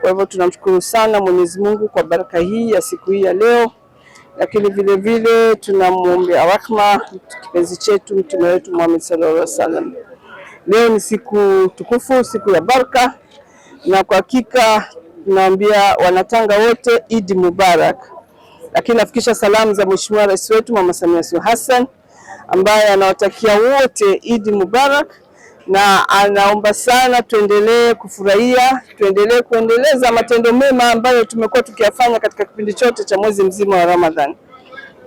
Kwa hivyo tunamshukuru sana Mwenyezi Mungu kwa baraka hii ya siku hii ya leo, lakini vile vile tunamwombea rahma kipenzi chetu mtume wetu Muhammad sallallahu alaihi wasallam. Leo ni siku tukufu, siku ya baraka, na kwa hakika tunaambia wanatanga wote Idi Mubarak, lakini nafikisha salamu za Mheshimiwa Rais wetu Mama Samia Suluhu Hassan ambaye anawatakia wote Idi Mubarak na anaomba sana tuendelee kufurahia, tuendelee kuendeleza matendo mema ambayo tumekuwa tukiyafanya katika kipindi chote cha mwezi mzima wa Ramadhani.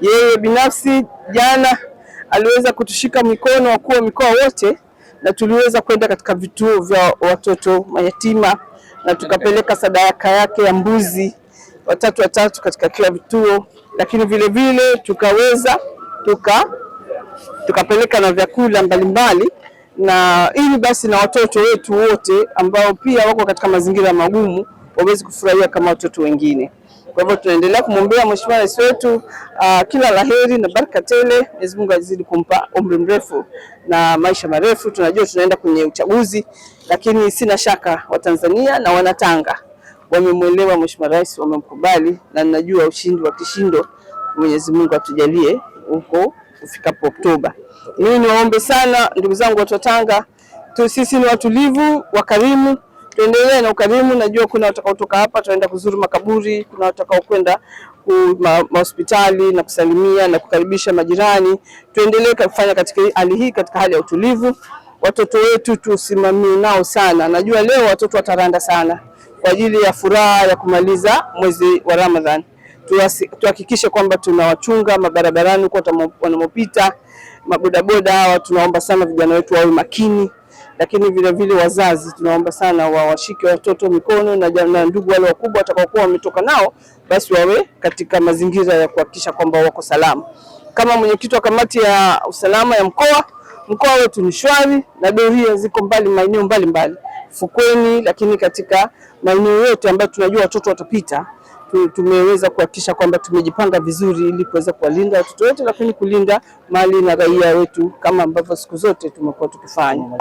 Yeye binafsi jana aliweza kutushika mikono wakuu wa mikoa wote, na tuliweza kwenda katika vituo vya watoto mayatima na tukapeleka sadaka yake ya mbuzi watatu watatu katika kila vituo, lakini vile vile tukaweza tuka tukapeleka na vyakula mbalimbali na ili basi na watoto wetu wote ambao pia wako katika mazingira magumu waweze kufurahia kama watoto wengine. Kwa hivyo tunaendelea kumwombea Mheshimiwa Rais wetu uh, kila laheri na baraka tele. Mwenyezi Mungu azidi kumpa umri mrefu na maisha marefu. Tunajua tunaenda kwenye uchaguzi, lakini sina shaka Watanzania na Wanatanga wamemwelewa Mheshimiwa Rais, wamemkubali na ninajua ushindi wa kishindo. Mwenyezi Mungu atujalie huko kufikapo Oktoba. Mimi niwaombe sana ndugu zangu watu wa Tanga tu, sisi ni watulivu wakarimu, tuendelee na ukarimu. Najua kuna watakaotoka hapa tunaenda kuzuru makaburi, kuna watakaokwenda kwenda mahospitali ma na kusalimia na kukaribisha majirani. Tuendelee kufanya katika hali hii, katika hali ya utulivu. Watoto wetu tusimamie nao sana, najua leo watoto wataranda sana kwa ajili ya furaha ya kumaliza mwezi wa Ramadhani tuhakikishe kwamba tunawachunga mabarabarani huko wanamopita mabodaboda hawa. Tunaomba sana vijana wetu wawe makini, lakini vilevile wazazi tunaomba sana wawashike watoto mikono na, na ndugu wale wakubwa watakaokuwa wametoka nao, basi wawe katika mazingira ya kuhakikisha kwamba wako salama. Kama mwenyekiti wa kamati ya usalama ya mkoa, mkoa wetu ni shwari na doria ziko mbali maeneo mbalimbali fukweni, lakini katika maeneo yote ambayo tunajua watoto watapita tumeweza kuhakikisha kwamba tumejipanga vizuri ili kuweza kuwalinda watoto wetu, lakini kulinda mali na raia wetu kama ambavyo siku zote tumekuwa tukifanya.